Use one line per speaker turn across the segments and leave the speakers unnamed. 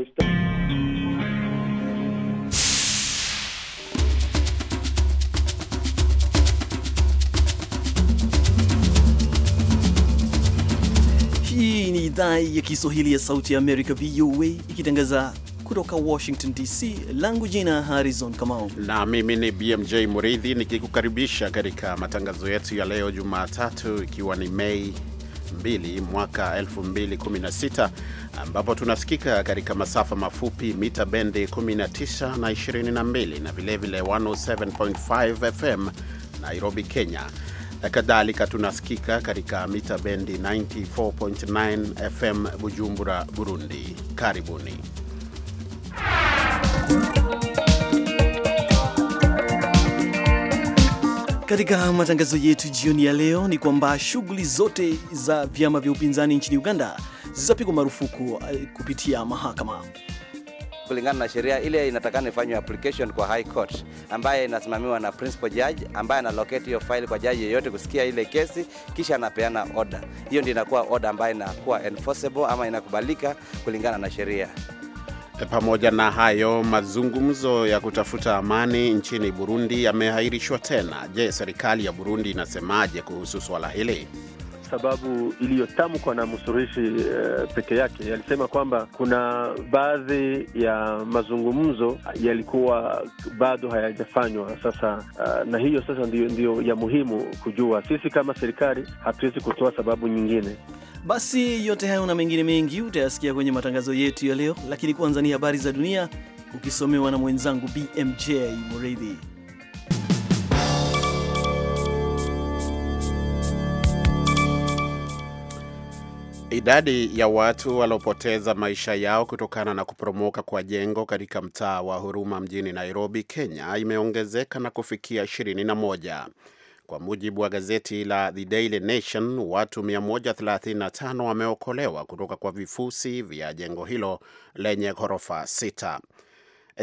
esto.
Hii ni idhaa ya Kiswahili ya Sauti ya Amerika, VOA, ikitangaza kutoka Washington DC. Langu jina Harrison Kamau,
na mimi ni BMJ Muridhi nikikukaribisha katika matangazo yetu ya leo Jumatatu, ikiwa ni Mei 2 mwaka 2016 ambapo tunasikika katika masafa mafupi mita bendi 19 na 22 na vilevile 107.5 FM Nairobi, Kenya. Kadhalika tunasikika katika mita bendi 94.9 FM Bujumbura, Burundi. Karibuni.
Katika matangazo yetu jioni ya leo ni kwamba shughuli zote za vyama vya upinzani nchini Uganda zitapigwa marufuku eh, kupitia mahakama
kulingana na sheria ile inatakana ifanywe application kwa High Court ambaye inasimamiwa na principal judge ambaye analocate hiyo file kwa jaji yeyote kusikia ile kesi, kisha anapeana order. Hiyo ndio inakuwa order ambayo inakuwa enforceable ama inakubalika kulingana na sheria. Pamoja na hayo, mazungumzo ya kutafuta amani nchini Burundi yameahirishwa tena. Je, serikali ya Burundi inasemaje kuhusu swala hili?
sababu iliyotamkwa na msuluhishi uh, eh, peke yake. Alisema kwamba kuna baadhi ya mazungumzo yalikuwa bado hayajafanywa. Sasa uh, na hiyo sasa ndiyo, ndiyo ya muhimu kujua. Sisi kama serikali hatuwezi kutoa sababu nyingine.
Basi yote hayo na mengine mengi utayasikia kwenye matangazo yetu ya leo, lakini kwanza ni habari za dunia ukisomewa na mwenzangu BMJ Muridhi.
Idadi ya watu waliopoteza maisha yao kutokana na kuporomoka kwa jengo katika mtaa wa Huruma mjini Nairobi, Kenya imeongezeka na kufikia 21. Kwa mujibu wa gazeti la The Daily Nation, watu 135 wameokolewa kutoka kwa vifusi vya jengo hilo lenye ghorofa sita.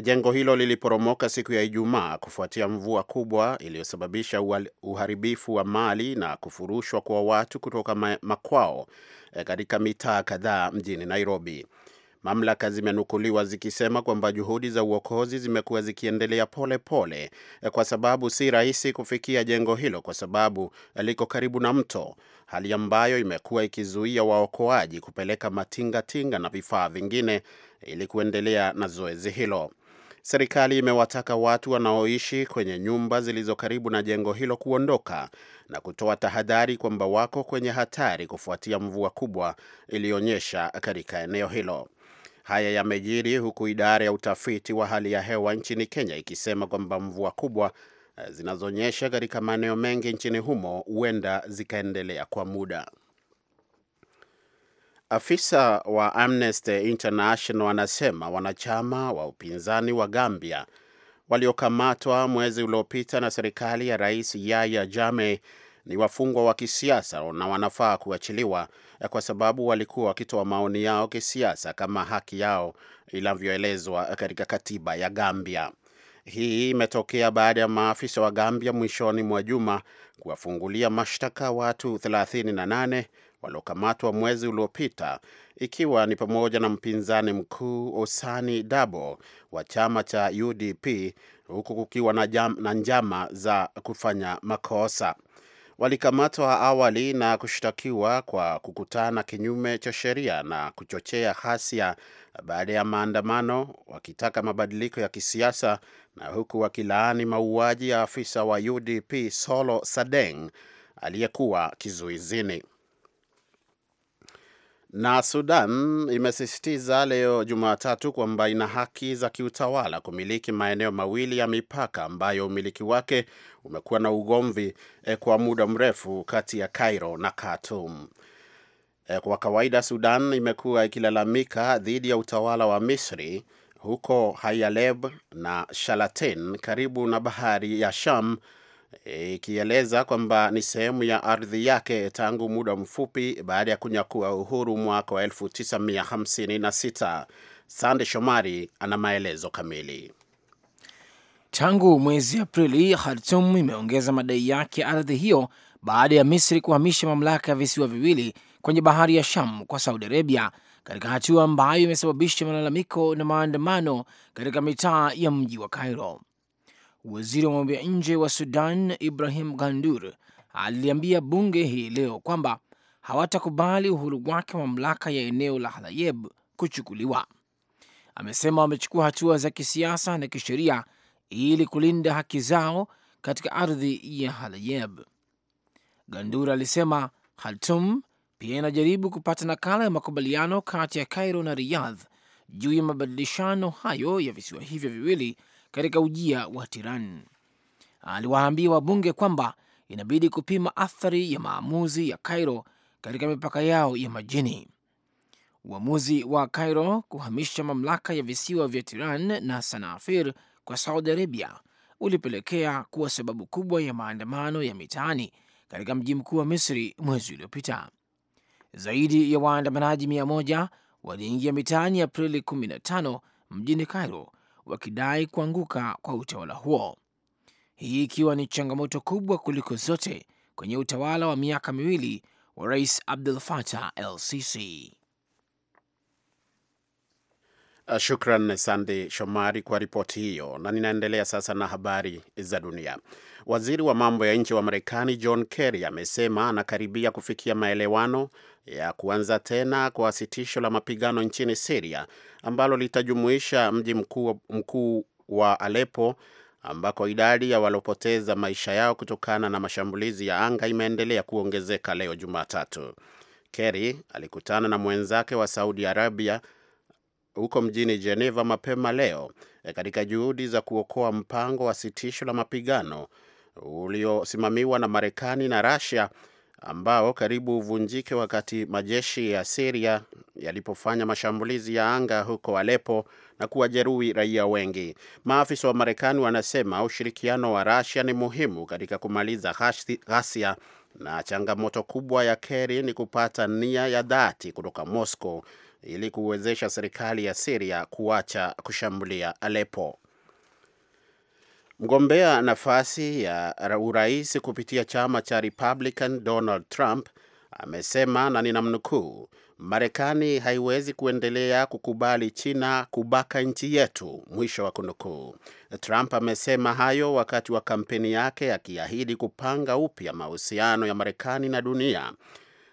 Jengo hilo liliporomoka siku ya Ijumaa kufuatia mvua kubwa iliyosababisha uharibifu wa mali na kufurushwa kwa watu kutoka makwao eh, katika mitaa kadhaa mjini Nairobi. Mamlaka zimenukuliwa zikisema kwamba juhudi za uokozi zimekuwa zikiendelea pole pole, eh, kwa sababu si rahisi kufikia jengo hilo kwa sababu eh, liko karibu na mto, hali ambayo imekuwa ikizuia waokoaji kupeleka matingatinga na vifaa vingine ili kuendelea na zoezi hilo serikali imewataka watu wanaoishi kwenye nyumba zilizo karibu na jengo hilo kuondoka na kutoa tahadhari kwamba wako kwenye hatari kufuatia mvua kubwa iliyonyesha katika eneo hilo. Haya yamejiri huku idara ya utafiti wa hali ya hewa nchini Kenya ikisema kwamba mvua kubwa eh, zinazonyesha katika maeneo mengi nchini humo huenda zikaendelea kwa muda. Afisa wa Amnesty International anasema wanachama wa upinzani wa Gambia waliokamatwa mwezi uliopita na serikali ya Rais yaya Jammeh ni wafungwa wa kisiasa na wanafaa kuachiliwa kwa sababu walikuwa wakitoa maoni yao kisiasa kama haki yao inavyoelezwa katika katiba ya Gambia. Hii imetokea baada ya maafisa wa Gambia mwishoni mwa juma kuwafungulia mashtaka watu 38 waliokamatwa mwezi uliopita, ikiwa ni pamoja na mpinzani mkuu Osani Dabo wa chama cha UDP, huku kukiwa na, jam, na njama za kufanya makosa. Walikamatwa awali na kushtakiwa kwa kukutana kinyume cha sheria na kuchochea ghasia baada ya maandamano wakitaka mabadiliko ya kisiasa na huku wakilaani mauaji ya afisa wa UDP Solo Sadeng aliyekuwa kizuizini. Na Sudan imesisitiza leo Jumatatu kwamba ina haki za kiutawala kumiliki maeneo mawili ya mipaka ambayo umiliki wake umekuwa na ugomvi eh, kwa muda mrefu kati ya Cairo na Khartoum. Eh, kwa kawaida Sudan imekuwa ikilalamika dhidi ya utawala wa Misri huko Hayaleb na Shalatin karibu na bahari ya Sham ikieleza kwamba ni sehemu ya ardhi yake tangu muda mfupi baada ya kunyakua uhuru mwaka wa 1956. Sande
Shomari
ana maelezo kamili.
Tangu mwezi Aprili, Khartum imeongeza madai yake ya ardhi hiyo baada ya Misri kuhamisha mamlaka ya visiwa viwili kwenye bahari ya Sham kwa Saudi Arabia, katika hatua ambayo imesababisha malalamiko na maandamano katika mitaa ya mji wa Cairo. Waziri wa mambo ya nje wa Sudan Ibrahim Gandur aliambia bunge hii leo kwamba hawatakubali uhuru wake wa mamlaka ya eneo la Halayeb kuchukuliwa. Amesema wamechukua hatua za kisiasa na kisheria ili kulinda haki zao katika ardhi ya Halayeb. Gandur alisema Khartum pia inajaribu kupata nakala ya makubaliano kati ya Cairo na Riyadh juu ya mabadilishano hayo ya visiwa hivyo viwili katika ujia wa Tiran. Aliwaambia wabunge kwamba inabidi kupima athari ya maamuzi ya Cairo katika mipaka yao ya majini. Uamuzi wa Cairo kuhamisha mamlaka ya visiwa vya Tiran na Sanafir kwa Saudi Arabia ulipelekea kuwa sababu kubwa ya maandamano ya mitaani katika mji mkuu wa Misri mwezi uliopita. Zaidi ya waandamanaji mia moja waliingia mitaani Aprili 15 mjini Cairo wakidai kuanguka kwa utawala huo, hii ikiwa ni changamoto kubwa kuliko zote kwenye utawala wa miaka miwili wa Rais Abdul Fatah El Sisi. Uh,
shukran Sande Shomari kwa ripoti hiyo, na ninaendelea sasa na habari za dunia. Waziri wa mambo ya nje wa Marekani John Kerry amesema anakaribia kufikia maelewano ya kuanza tena kwa sitisho la mapigano nchini Siria ambalo litajumuisha mji mkuu mkuu wa Aleppo ambako idadi ya walopoteza maisha yao kutokana na mashambulizi ya anga imeendelea kuongezeka leo Jumatatu. Kerry alikutana na mwenzake wa Saudi Arabia huko mjini Geneva mapema leo eh, katika juhudi za kuokoa mpango wa sitisho la mapigano uliosimamiwa na Marekani na Russia ambao karibu uvunjike wakati majeshi ya Syria yalipofanya mashambulizi ya anga huko Aleppo na kuwajeruhi raia wengi. Maafisa wa Marekani wanasema ushirikiano wa Russia ni muhimu katika kumaliza ghasia na changamoto kubwa ya Kerry ni kupata nia ya dhati kutoka Moscow ili kuwezesha serikali ya Siria kuacha kushambulia alepo Mgombea nafasi ya urais kupitia chama cha Republican Donald Trump amesema na ninamnukuu, Marekani haiwezi kuendelea kukubali China kubaka nchi yetu, mwisho wa kunukuu. Trump amesema hayo wakati wa kampeni yake akiahidi kupanga upya mahusiano ya Marekani na dunia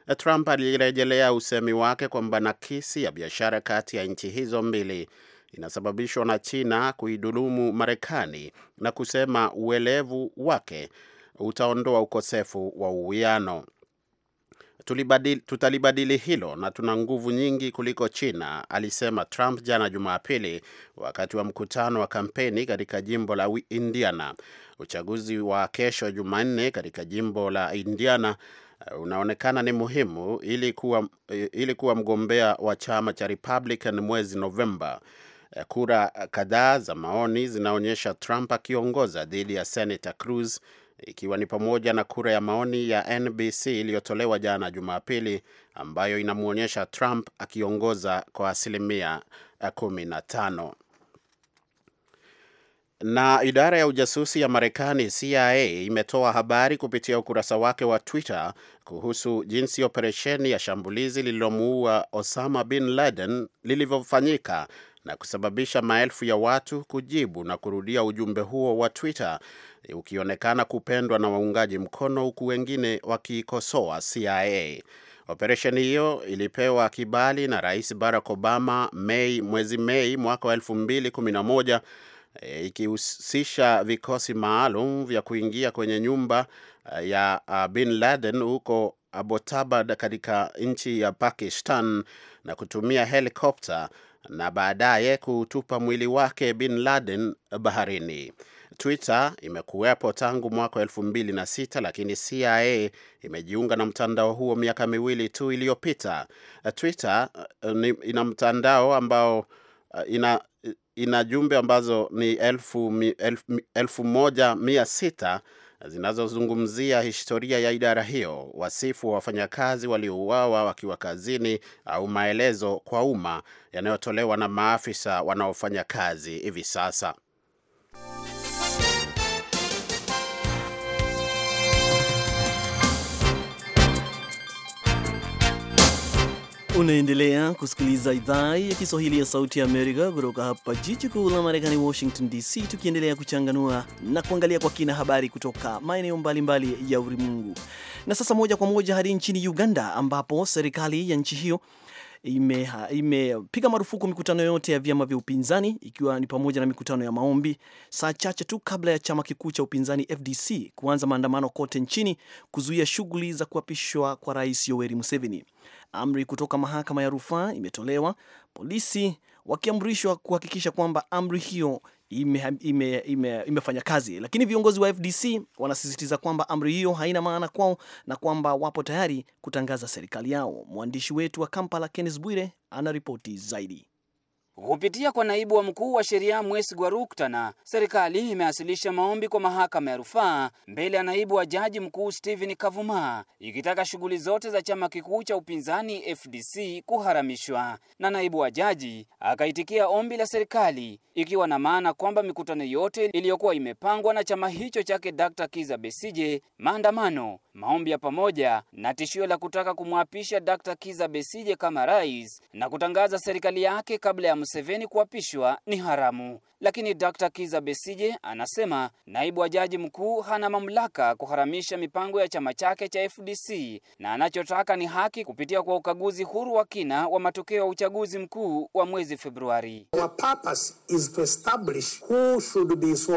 Trump alirejelea usemi wake kwamba nakisi ya biashara kati ya nchi hizo mbili inasababishwa na China kuidhulumu Marekani na kusema uelevu wake utaondoa ukosefu wa uwiano. Tulibadili, tutalibadili hilo na tuna nguvu nyingi kuliko China, alisema Trump jana Jumapili wakati wa mkutano wa kampeni katika jimbo la Indiana. Uchaguzi wa kesho Jumanne katika jimbo la Indiana Eh, unaonekana ni muhimu ili kuwa, ili kuwa mgombea wa chama cha Republican mwezi Novemba. Eh, kura kadhaa za maoni zinaonyesha Trump akiongoza dhidi ya Senator Cruz, ikiwa ni pamoja na kura ya maoni ya NBC iliyotolewa jana Jumapili, ambayo inamwonyesha Trump akiongoza kwa asilimia 15. Eh, na idara ya ujasusi ya Marekani CIA imetoa habari kupitia ukurasa wake wa Twitter kuhusu jinsi operesheni ya shambulizi lililomuua Osama bin Laden lilivyofanyika na kusababisha maelfu ya watu kujibu na kurudia ujumbe huo wa Twitter ukionekana kupendwa na waungaji mkono huku wengine wakiikosoa CIA. Operesheni hiyo ilipewa kibali na Rais Barack Obama Mei mwezi Mei mwaka wa 2011 e, ikihusisha vikosi maalum vya kuingia kwenye nyumba eh, ya eh, Bin Laden huko Abbottabad katika nchi ya Pakistan na kutumia helikopta na baadaye kutupa mwili wake Bin Laden baharini. Twitter imekuwepo tangu mwaka elfu mbili na sita lakini CIA imejiunga na mtandao huo miaka miwili tu iliyopita. Eh, Twitter ina mtandao ambao ina ina jumbe ambazo ni elfu, mi, elfu, elfu moja mia sita eh, zinazozungumzia historia ya idara hiyo, wasifu wa wafanyakazi waliouawa wakiwa kazini, au maelezo kwa umma yanayotolewa na maafisa wanaofanya kazi hivi sasa.
Unaendelea kusikiliza idhaa ya Kiswahili ya Sauti ya Amerika kutoka hapa jiji kuu la Marekani, Washington DC, tukiendelea kuchanganua na kuangalia kwa kina habari kutoka maeneo mbalimbali ya ulimwengu. Na sasa moja kwa moja hadi nchini Uganda, ambapo serikali ya nchi hiyo imepiga ime marufuku mikutano yote ya vyama vya upinzani ikiwa ni pamoja na mikutano ya maombi, saa chache tu kabla ya chama kikuu cha upinzani FDC kuanza maandamano kote nchini kuzuia shughuli za kuapishwa kwa Rais Yoweri Museveni. Amri kutoka mahakama ya rufaa imetolewa, polisi wakiamrishwa kuhakikisha kwamba amri hiyo imefanya ime, ime, ime kazi, lakini viongozi wa FDC wanasisitiza kwamba amri hiyo haina maana kwao na kwamba wapo tayari kutangaza serikali yao. Mwandishi wetu wa Kampala Kenneth Bwire ana ripoti zaidi.
Kupitia kwa naibu wa mkuu wa sheria Mwesi Gwaruktana, serikali imewasilisha maombi kwa mahakama ya rufaa mbele ya naibu wa jaji mkuu Stephen Kavuma ikitaka shughuli zote za chama kikuu cha upinzani FDC kuharamishwa, na naibu wa jaji akaitikia ombi la serikali ikiwa na maana kwamba mikutano yote iliyokuwa imepangwa na chama hicho chake Dr. Kiza Besije, maandamano maombi ya pamoja na tishio la kutaka kumwapisha Dr. Kiza Besije kama rais na kutangaza serikali yake kabla ya Museveni kuapishwa ni haramu. Lakini Dr. Kiza Besije anasema naibu wa jaji mkuu hana mamlaka kuharamisha mipango ya chama chake cha FDC na anachotaka ni haki kupitia kwa ukaguzi huru wa kina wa matokeo ya uchaguzi mkuu wa mwezi Februari.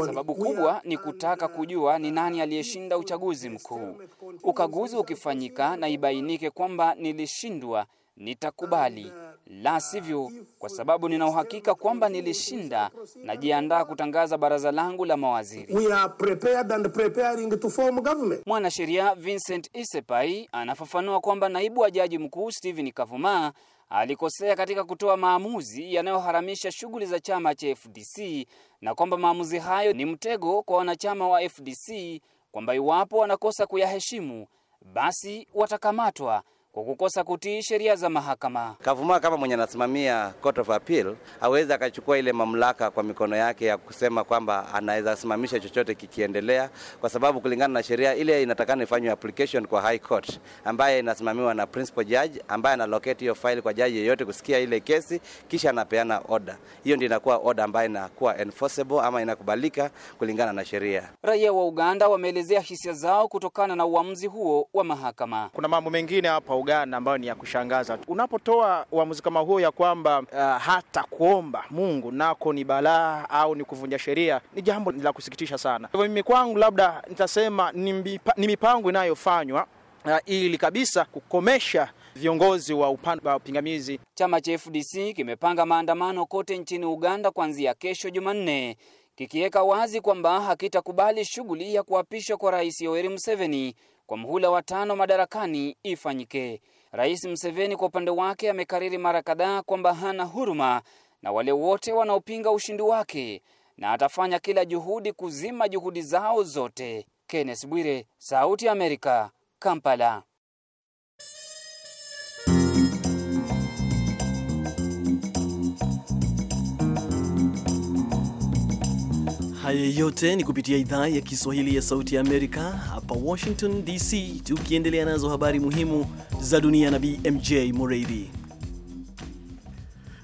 Sababu kubwa
ni kutaka kujua ni nani aliyeshinda uchaguzi mkuu. Ukaguzi ukifanyika na ibainike kwamba nilishindwa, nitakubali, la sivyo, kwa sababu nina uhakika kwamba nilishinda, najiandaa kutangaza baraza langu la mawaziri.
We are prepared and
preparing
to form government.
Mwanasheria Vincent Isepai anafafanua kwamba naibu wa jaji mkuu Stephen Kavuma alikosea katika kutoa maamuzi yanayoharamisha shughuli za chama cha FDC na kwamba maamuzi hayo ni mtego kwa wanachama wa FDC kwamba iwapo wanakosa kuyaheshimu basi watakamatwa kwa kukosa kutii sheria za mahakama.
Kavuma kama mwenye anasimamia Court of Appeal aweza akachukua ile mamlaka kwa mikono yake ya kusema kwamba anaweza simamisha chochote kikiendelea, kwa sababu kulingana na sheria ile inatakana ifanywe application kwa High Court ambaye inasimamiwa na principal judge ambaye locate hiyo file kwa jaji yeyote kusikia ile kesi, kisha anapeana order. Hiyo ndio
inakuwa order ambayo inakuwa enforceable ama inakubalika kulingana na sheria.
Raia wa Uganda wameelezea hisia zao kutokana na uamuzi huo wa mahakama.
Kuna mambo mengine hapa Uganda ambayo ni ya kushangaza. Unapotoa uamuzi kama huo ya kwamba uh, hata kuomba Mungu nako ni balaa au ni kuvunja sheria, ni jambo la kusikitisha sana. Hivyo mimi kwangu labda nitasema ni mipango inayofanywa uh, ili kabisa kukomesha
viongozi wa upande wa upingamizi. Chama cha FDC kimepanga maandamano kote nchini Uganda kuanzia kesho Jumanne, kikiweka wazi kwamba hakitakubali shughuli ya kuapishwa kwa Rais Yoweri Museveni kwa mhula wa tano madarakani ifanyike. Rais Museveni kwa upande wake amekariri mara kadhaa kwamba hana huruma na wale wote wanaopinga ushindi wake na atafanya kila juhudi kuzima juhudi zao zote. Kenneth Bwire, Sauti ya Amerika, Kampala.
haya yote ni kupitia idhaa ya Kiswahili ya Sauti ya Amerika hapa Washington DC, tukiendelea nazo habari muhimu za dunia na BMJ Mureithi.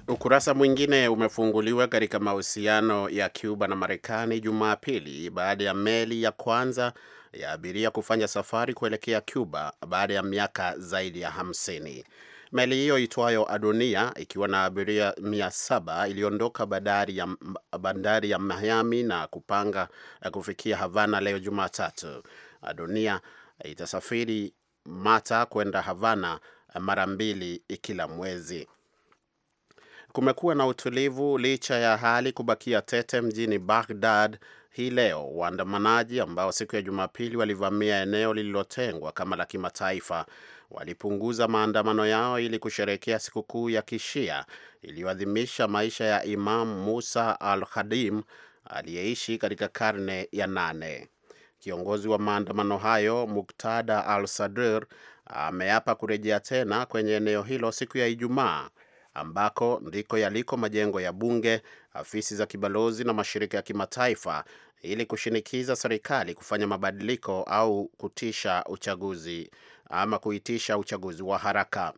Ukurasa mwingine umefunguliwa katika mahusiano ya Cuba na Marekani Jumapili baada ya meli ya kwanza ya abiria kufanya safari kuelekea Cuba baada ya miaka zaidi ya hamsini. Meli hiyo itwayo Adonia ikiwa na abiria mia saba iliondoka bandari ya, bandari ya Miami na kupanga eh, kufikia Havana leo Jumatatu. Adonia itasafiri Mata kwenda Havana eh, mara mbili kila mwezi. Kumekuwa na utulivu licha ya hali kubakia tete mjini Baghdad hii leo waandamanaji ambao siku ya Jumapili walivamia eneo lililotengwa kama la kimataifa walipunguza maandamano yao ili kusherehekea sikukuu ya Kishia iliyoadhimisha maisha ya Imam Musa al-Khadim aliyeishi katika karne ya nane. Kiongozi wa maandamano hayo Muktada al-Sadr ameapa kurejea tena kwenye eneo hilo siku ya Ijumaa ambako ndiko yaliko majengo ya bunge, afisi za kibalozi na mashirika ya kimataifa ili kushinikiza serikali kufanya mabadiliko au kutisha uchaguzi ama kuitisha uchaguzi wa haraka.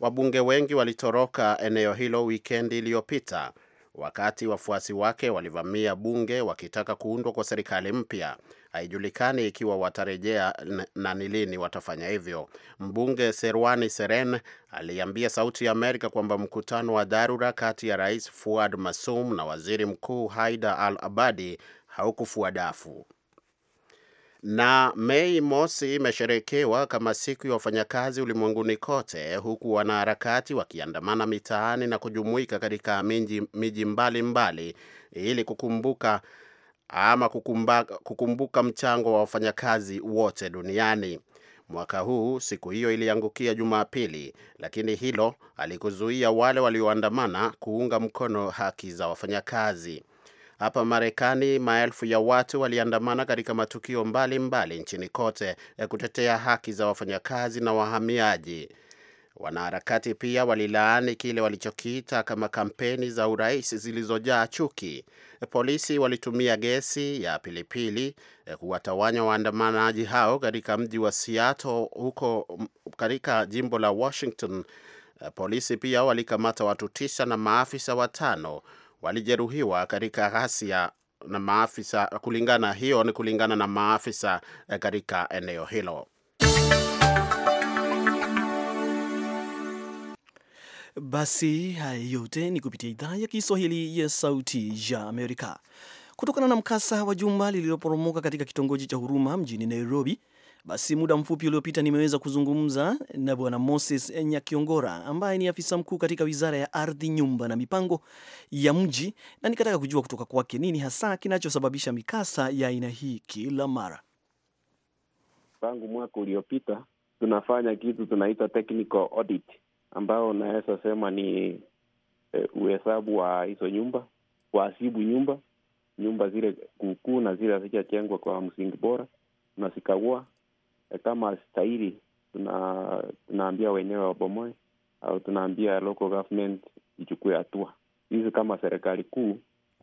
Wabunge wengi walitoroka eneo hilo wikendi iliyopita wakati wafuasi wake walivamia bunge wakitaka kuundwa kwa serikali mpya. Haijulikani ikiwa watarejea na ni lini watafanya hivyo. Mbunge Serwani Seren aliambia Sauti ya Amerika kwamba mkutano wa dharura kati ya Rais Fuad Masum na Waziri Mkuu Haida Al Abadi haukufuadafu. Na Mei Mosi imesherekewa kama siku ya wafanyakazi ulimwenguni kote, huku wanaharakati wakiandamana mitaani na kujumuika katika miji mbalimbali ili kukumbuka ama kukumba, kukumbuka mchango wa wafanyakazi wote duniani. Mwaka huu siku hiyo iliangukia Jumapili, lakini hilo alikuzuia wale walioandamana kuunga mkono haki za wafanyakazi. Hapa Marekani, maelfu ya watu waliandamana katika matukio mbalimbali mbali nchini kote ya eh, kutetea haki za wafanyakazi na wahamiaji. Wanaharakati pia walilaani kile walichokiita kama kampeni za urais zilizojaa chuki. Eh, polisi walitumia gesi ya pilipili eh, kuwatawanya waandamanaji hao katika mji wa Seattle huko mm, katika jimbo la Washington. Polisi pia walikamata watu tisa na maafisa watano walijeruhiwa katika ghasia na maafisa kulingana, hiyo ni kulingana na maafisa
eh, katika eneo hilo. Basi haya yote ni kupitia idhaa ya Kiswahili ya Sauti ya Amerika. Kutokana na mkasa wa jumba lililoporomoka katika kitongoji cha Huruma mjini Nairobi, basi muda mfupi uliopita nimeweza kuzungumza na Bwana Moses Nyakiongora ambaye ni afisa mkuu katika Wizara ya Ardhi, Nyumba na Mipango ya Mji, na nikataka kujua kutoka kwake nini hasa kinachosababisha mikasa ya aina hii kila mara.
Tangu mwaka uliopita tunafanya kitu tunaita technical audit, ambao unaweza sema ni eh, uhesabu wa hizo nyumba, kuhasibu nyumba, nyumba zile kuukuu na zile hazijajengwa kwa msingi bora, tunazikagua Eh, kama stahili, tuna tunaambia wenyewe wabomoe au tunaambia local government ichukue hatua hizi. Kama serikali kuu,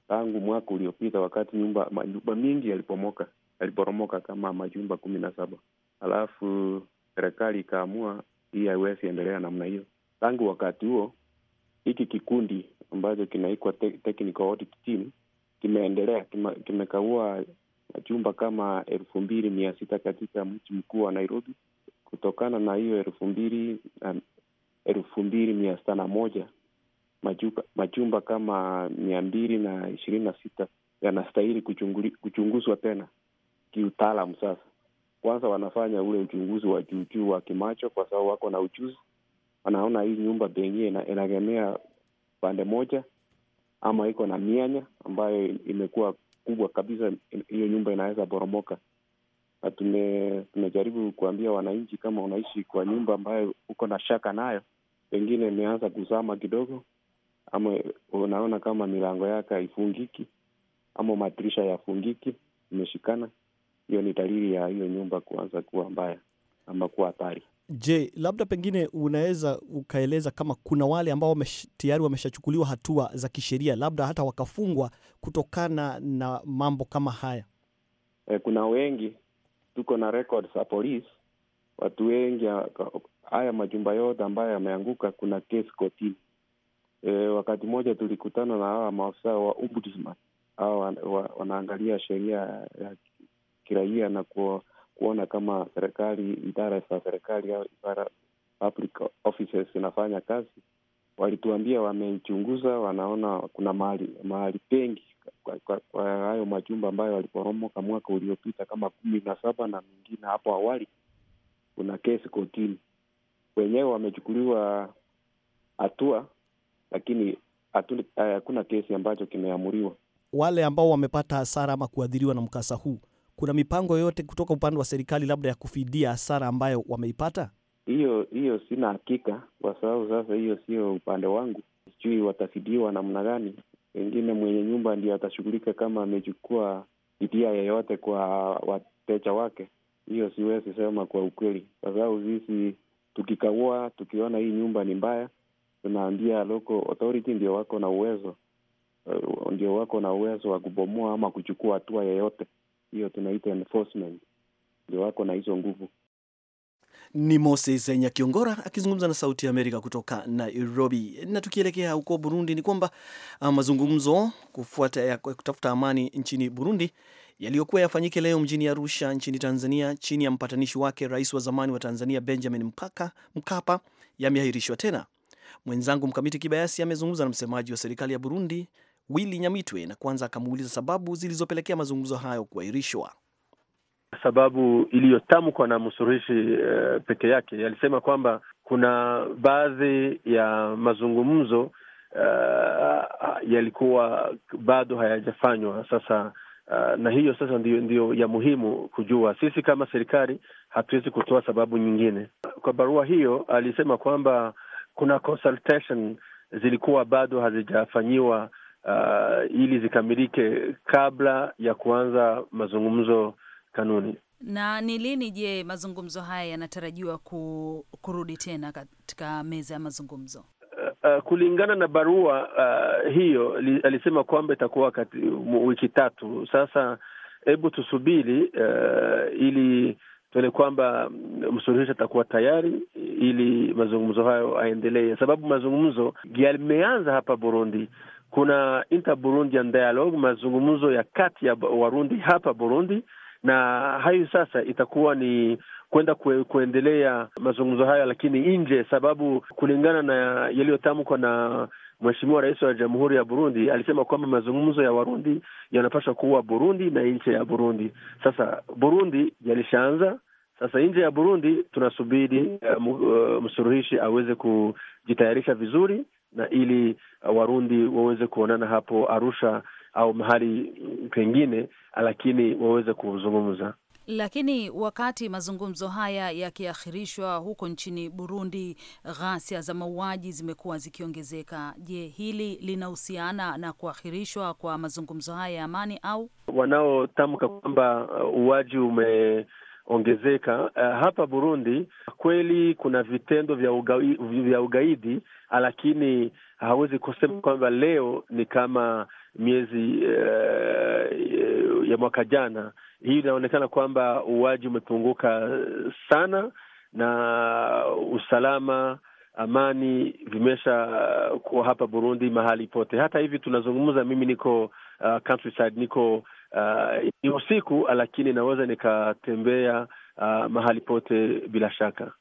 tangu mwaka uliopita, wakati nyumba majumba mingi yalipomoka yaliporomoka kama majumba kumi na saba alafu serikali ikaamua hii haiwezi endelea namna hiyo. Tangu wakati huo hiki kikundi ambacho kinaikwa Technical Audit Team kimeendelea kimekaua majumba kama elfu mbili mia sita katika mji mkuu wa Nairobi. Kutokana na hiyo elfu mbili elfu mbili mia sita na moja majumba, majumba kama mia mbili na ishirini na sita yanastahili kuchunguzwa tena kiutaalamu. Sasa kwanza wanafanya ule uchunguzi wa juujuu wa kimacho, kwa sababu wako na ujuzi, wanaona hii nyumba pengie inaegemea pande moja ama iko na mianya ambayo imekuwa kubwa kabisa, hiyo nyumba inaweza boromoka. Na tumejaribu kuambia wananchi, kama unaishi kwa nyumba ambayo uko na shaka nayo, pengine imeanza kuzama kidogo, ama unaona kama milango yake haifungiki ama madirisha yafungiki, imeshikana, hiyo ni dalili ya hiyo nyumba kuanza kuwa mbaya ama kuwa hatari.
Je, labda pengine unaweza ukaeleza kama kuna wale ambao tayari wameshachukuliwa hatua za kisheria, labda hata wakafungwa kutokana na mambo kama haya?
E, kuna wengi, tuko na records za polisi, watu wengi. Ah, haya majumba yote ambayo yameanguka, kuna kesi kotini. E, wakati mmoja tulikutana na hawa maafisa wa ombudsman, hawa wanaangalia sheria ya kiraia na kuwa kuona kama serikali, idara za serikali au idara public offices kazi. Walituambia wameichunguza, wanaona kuna mahali mahali pengi kwa hayo majumba ambayo waliporomoka mwaka uliopita kama kumi na saba na mingine hapo awali, kuna kesi kotini. Wenyewe wamechukuliwa hatua, lakini eh, hakuna kesi ambacho kimeamuriwa.
Wale ambao wamepata hasara ama kuadhiriwa na mkasa huu kuna mipango yoyote kutoka upande wa serikali labda ya kufidia hasara ambayo wameipata?
Hiyo hiyo sina hakika, kwa sababu sasa hiyo sio upande wangu, sijui watafidiwa namna gani. Pengine mwenye nyumba ndio atashughulika kama amechukua fidia yeyote kwa wateja wake. Hiyo siwezi sema kwa ukweli, kwa sababu sisi tukikagua, tukiona hii nyumba ni mbaya, tunaambia local authority, ndio wako na uwezo eh, ndio wako na uwezo wa kubomoa ama kuchukua hatua yeyote hiyo tunaita enforcement, ndio wako na hizo nguvu.
Ni Moses Nyakiongora akizungumza na Sauti ya Amerika kutoka Nairobi. Na tukielekea huko Burundi, ni kwamba ah, mazungumzo kufuata ya kutafuta amani nchini Burundi yaliyokuwa yafanyike leo mjini Arusha nchini Tanzania chini ya mpatanishi wake rais wa zamani wa Tanzania Benjamin Mpaka, Mkapa yameahirishwa tena. Mwenzangu Mkamiti Kibayasi amezungumza na msemaji wa serikali ya Burundi Willy Nyamitwe, na kwanza akamuuliza sababu zilizopelekea mazungumzo hayo kuahirishwa. Sababu
iliyotamkwa na msuluhishi uh, eh, peke yake alisema kwamba kuna baadhi ya mazungumzo uh, yalikuwa bado hayajafanywa sasa. Uh, na hiyo sasa ndiyo, ndiyo ya muhimu kujua. Sisi kama serikali hatuwezi kutoa sababu nyingine. Kwa barua hiyo alisema kwamba kuna consultation zilikuwa bado hazijafanyiwa uh, ili zikamilike kabla ya kuanza mazungumzo kanuni.
Na ni lini je, mazungumzo haya yanatarajiwa ku, kurudi tena katika meza ya mazungumzo?
Uh, uh kulingana na barua uh, hiyo li, alisema kwamba itakuwa wiki tatu. Sasa hebu tusubiri uh, ili tuone kwamba msuluhisho atakuwa tayari ili mazungumzo hayo aendelee, sababu mazungumzo yameanza hapa Burundi kuna inter Burundian dialogue, mazungumzo ya kati ya Warundi hapa Burundi, na hayo sasa itakuwa ni kwenda kue, kuendelea mazungumzo hayo, lakini nje, sababu kulingana na yaliyotamkwa na Mheshimiwa Rais wa Jamhuri ya Burundi alisema kwamba mazungumzo ya Warundi yanapaswa kuwa Burundi na nje ya Burundi. Sasa Burundi yalishaanza, sasa nje ya Burundi tunasubiri eh, uh, eh, msuruhishi aweze kujitayarisha vizuri na ili uh, Warundi waweze kuonana hapo Arusha au mahali pengine, lakini waweze kuzungumza.
Lakini wakati mazungumzo haya yakiahirishwa huko nchini Burundi, ghasia za mauaji zimekuwa zikiongezeka. Je, hili linahusiana na kuahirishwa kwa mazungumzo haya ya amani? Au
wanaotamka kwamba uaji uh, ume ongezeka uh, hapa Burundi kweli kuna vitendo vya, uga, vya ugaidi, lakini hawezi kusema kwamba leo ni kama miezi uh, ya mwaka jana. Hii inaonekana kwamba uwaji umepunguka sana na usalama amani vimesha eh, kuwa hapa Burundi mahali pote. Hata hivi tunazungumza, mimi niko uh, countryside, niko Uh, ni usiku lakini naweza nikatembea uh, mahali pote bila shaka.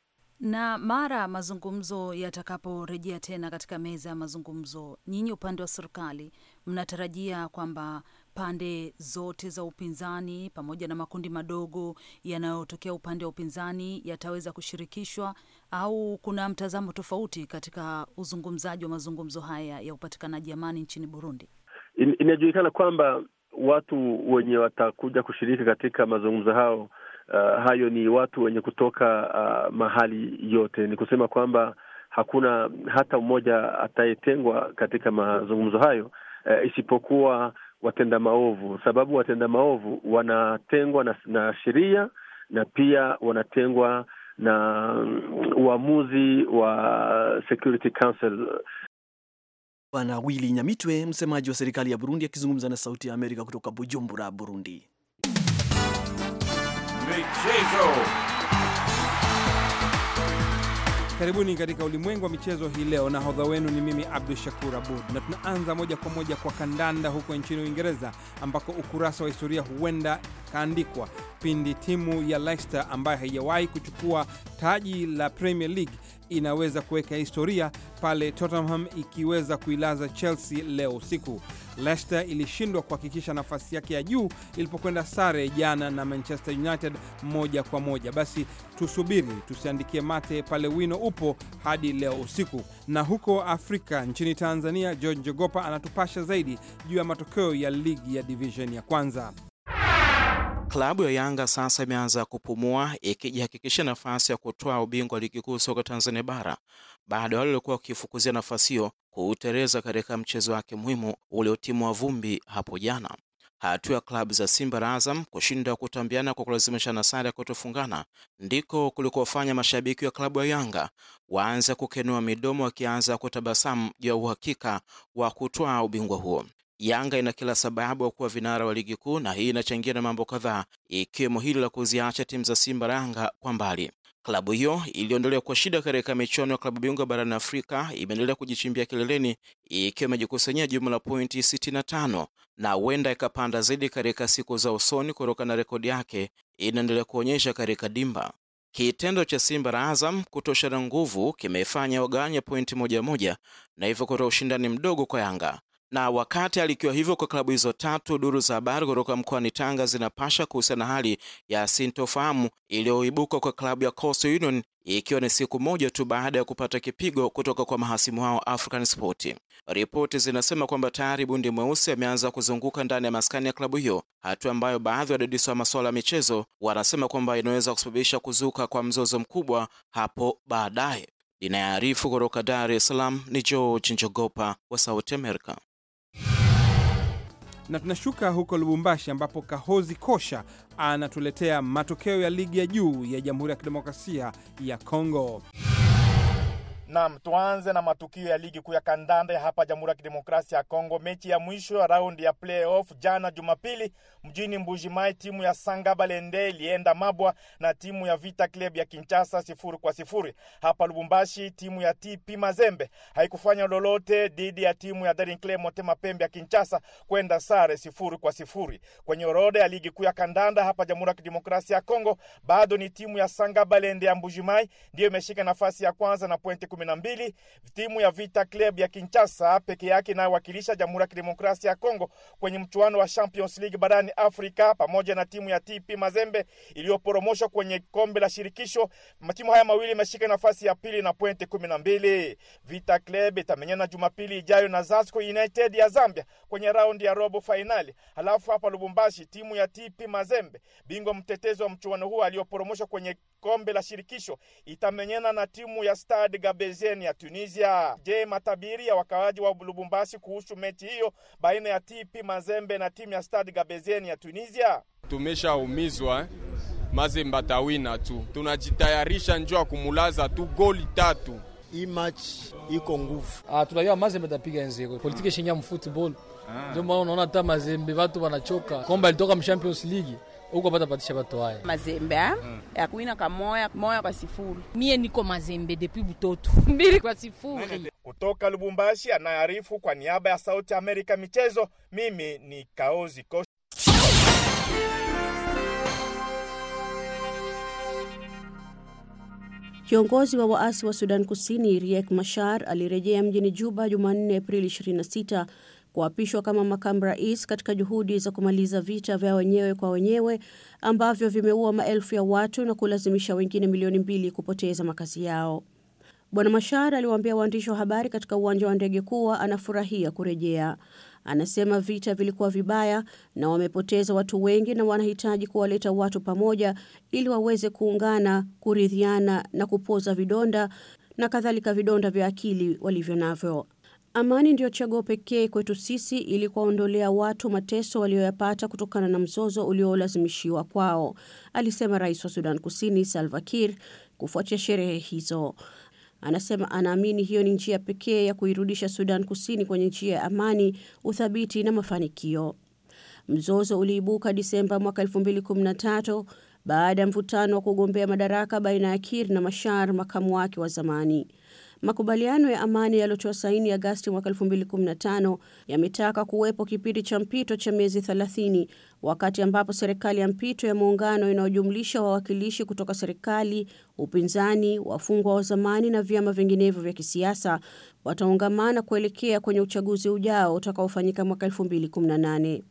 Na mara mazungumzo yatakaporejea tena katika meza ya mazungumzo, nyinyi upande wa serikali mnatarajia kwamba pande zote za upinzani pamoja na makundi madogo yanayotokea upande wa upinzani yataweza kushirikishwa au kuna mtazamo tofauti katika uzungumzaji wa mazungumzo haya ya upatikanaji amani nchini Burundi?
In, inajulikana kwamba watu wenye watakuja kushiriki katika mazungumzo hao, uh, hayo ni watu wenye kutoka uh, mahali yote. Ni kusema kwamba hakuna hata mmoja atayetengwa katika mazungumzo hayo uh, isipokuwa watenda maovu, sababu watenda maovu wanatengwa na, na sheria na pia wanatengwa na um, uamuzi wa Security Council
Bwana Willy Nyamitwe, msemaji wa serikali ya Burundi, akizungumza na Sauti ya Amerika kutoka Bujumbura, Burundi.
Michezo.
Karibuni katika ulimwengu wa michezo hii leo. Nahodha wenu ni mimi Abdu Shakur Abud, na tunaanza moja kwa moja kwa kandanda huko nchini Uingereza, ambako ukurasa wa historia huenda kaandikwa pindi timu ya Leicester ambayo haijawahi kuchukua taji la Premier League inaweza kuweka historia pale Tottenham ikiweza kuilaza Chelsea leo usiku. Leicester ilishindwa kuhakikisha nafasi yake ya juu ilipokwenda sare jana na Manchester United moja kwa moja. Basi tusubiri tusiandikie mate pale, wino upo hadi leo usiku. Na huko Afrika, nchini Tanzania, George Jogopa anatupasha zaidi juu ya matokeo ya ligi ya division ya kwanza. Klabu ya Yanga sasa imeanza kupumua ikijihakikishia nafasi ya kutoa ubingwa ligi kuu soka Tanzania bara baada ya wale waliokuwa wakifukuzia nafasi hiyo kuutereza katika mchezo wake muhimu uliotimwa vumbi hapo jana. Hatua ya klabu za Simba na Azam kushinda kutambiana kwa kulazimishana sare ya kutofungana ndiko kulikofanya mashabiki wa klabu ya Yanga waanze kukenua midomo wakianza kutabasamu juu ya uhakika wa kutoa ubingwa huo. Yanga ina kila sababu ya kuwa vinara wa ligi kuu, na hii inachangia na mambo kadhaa, ikiwemo hili la kuziacha timu za Simba Yanga kwa mbali. Klabu hiyo iliondolewa kwa shida katika michuano ya klabu bingwa barani Afrika, imeendelea kujichimbia kileleni ikiwa imejikusanyia jumla la pointi 65 na huenda ikapanda zaidi katika siku za usoni kutoka na rekodi yake inaendelea kuonyesha katika dimba. Kitendo cha Simba na Azam kutosha na nguvu kimefanya waganya pointi moja moja na hivyo kutoa ushindani mdogo kwa Yanga. Na wakati alikiwa hivyo kwa klabu hizo tatu, duru za habari kutoka mkoani Tanga zinapasha kuhusiana na hali ya sintofahamu iliyoibuka kwa klabu ya Coastal Union ikiwa ni siku moja tu baada ya kupata kipigo kutoka kwa mahasimu hao African Sport. Ripoti zinasema kwamba tayari bundi mweusi ameanza kuzunguka ndani ya maskani ya klabu hiyo, hatua ambayo baadhi ya wadadisi wa masuala ya michezo wanasema kwamba inaweza kusababisha kuzuka kwa mzozo mkubwa hapo baadaye. Inayoarifu kutoka Dar es Salaam ni George Njogopa wa Sauti america na tunashuka huko Lubumbashi ambapo Kahozi Kosha anatuletea matokeo ya ligi ya juu ya Jamhuri ya Kidemokrasia ya Kongo. Naam,
tuanze na matukio ya ligi kuu ya kandanda hapa Jamhuri ya Kidemokrasia ya Kongo. Mechi ya mwisho ya raundi ya playoff jana Jumapili mjini Mbujimai, timu ya Sangabalende ilienda mabwa na timu ya Vita Club ya Kinshasa sifuri kwa sifuri. Hapa Lubumbashi, timu ya TP Mazembe haikufanya lolote dhidi ya timu ya Daring Club Motema Pembe ya Kinshasa kwenda sare sifuri kwa sifuri. Kwenye orodha ya ligi kuu ya kandanda hapa Jamhuri ya Kidemokrasia ya Kongo, bado ni timu ya Sangabalende ya Mbujimai mayi ndiyo imeshika nafasi ya kwanza na pointi kumi na mbili. timu ya Vita Club ya Kinshasa peke yake inayowakilisha Jamhuri ya Kidemokrasia ya Kongo kwenye mchuano wa Champions League barani Afrika pamoja na timu ya TP Mazembe iliyoporomoshwa kwenye kombe la shirikisho. Matimu haya mawili imeshika nafasi ya pili na pointi kumi na mbili. Vita Club itamenyana Jumapili ijayo na Zasco United ya Zambia kwenye raundi ya robo fainali. Halafu hapa Lubumbashi, timu ya TP Mazembe, bingwa mtetezi wa mchuano huo aliyoporomoshwa kwenye kombe la shirikisho itamenyana na timu ya Stade Gabezen ya Tunisia. Je, matabiri ya wakawaji wa Lubumbashi kuhusu mechi hiyo baina ya TP Mazembe na timu ya Stade Gabezen ya Tunisia?
Tumeshaumizwa eh? Mazembe tawina tu, tunajitayarisha njoo kumulaza tu goli tatu. Hii match
iko nguvu, ah, tunajua Mazembe tapiga nzero politike shinya mfootball. Ah. ndio maana unaona hata
Mazembe
watu wanachoka komba alitoka mchampions league huko pata patisha bato wae mazembe ah? mm. kuina kamoya moya kwa sifuri mie niko mazembe depuis butoto mbili kwa
sifuri
kutoka Lubumbashi anaarifu kwa niaba ya Sauti ya Amerika michezo. Mimi ni Kaozi Kosh.
Kiongozi wa waasi wa Sudan Kusini Riek mashar alirejea mjini Juba Jumanne, Aprili kuapishwa kama makamu rais katika juhudi za kumaliza vita vya wenyewe kwa wenyewe ambavyo vimeua maelfu ya watu na kulazimisha wengine milioni mbili kupoteza makazi yao. Bwana Mashar aliwaambia waandishi wa habari katika uwanja wa ndege kuwa anafurahia kurejea. Anasema vita vilikuwa vibaya na wamepoteza watu wengi na wanahitaji kuwaleta watu pamoja ili waweze kuungana, kuridhiana na kupoza vidonda na kadhalika vidonda vya akili walivyo navyo. Amani ndiyo chaguo pekee kwetu sisi ili kuwaondolea watu mateso walioyapata kutokana na mzozo uliolazimishiwa kwao, alisema rais wa Sudan Kusini Salva Kiir kufuatia sherehe hizo. Anasema anaamini hiyo ni njia pekee ya kuirudisha Sudan Kusini kwenye njia ya amani, uthabiti na mafanikio. Mzozo uliibuka Disemba mwaka 2013 baada ya mvutano wa kugombea madaraka baina ya Kiir na Mashar, makamu wake wa zamani. Makubaliano ya amani yaliyotoa saini Agasti mwaka 2015 yametaka kuwepo kipindi cha mpito cha miezi 30 wakati ambapo serikali ya mpito ya muungano inayojumlisha wawakilishi kutoka serikali, upinzani, wafungwa wa zamani na vyama vinginevyo vya kisiasa wataungamana kuelekea kwenye uchaguzi ujao utakaofanyika mwaka 2018.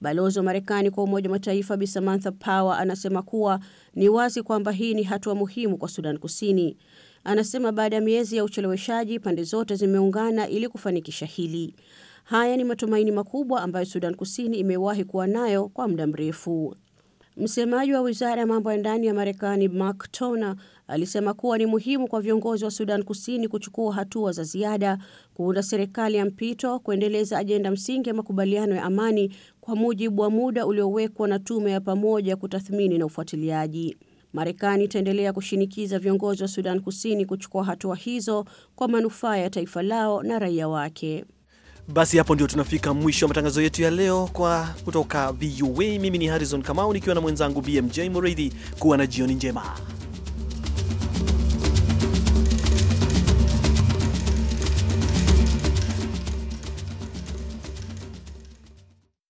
Balozi wa Marekani kwa Umoja wa Mataifa Bi Samantha Power anasema kuwa ni wazi kwamba hii ni hatua muhimu kwa Sudan Kusini. Anasema baada ya miezi ya ucheleweshaji, pande zote zimeungana ili kufanikisha hili. Haya ni matumaini makubwa ambayo Sudan Kusini imewahi kuwa nayo kwa muda mrefu. Msemaji wa wizara ya mambo ya ndani ya Marekani Mark Toner alisema kuwa ni muhimu kwa viongozi wa Sudan Kusini kuchukua hatua za ziada, kuunda serikali ya mpito, kuendeleza ajenda msingi ya makubaliano ya amani kwa mujibu wa muda uliowekwa na tume ya pamoja kutathmini na ufuatiliaji. Marekani itaendelea kushinikiza viongozi wa Sudan Kusini kuchukua hatua hizo kwa manufaa ya taifa lao na raia wake.
Basi hapo ndio tunafika mwisho wa matangazo yetu ya leo kwa kutoka VOA. Mimi ni Harrison Kamau nikiwa na mwenzangu BMJ Muridhi. Kuwa na jioni njema.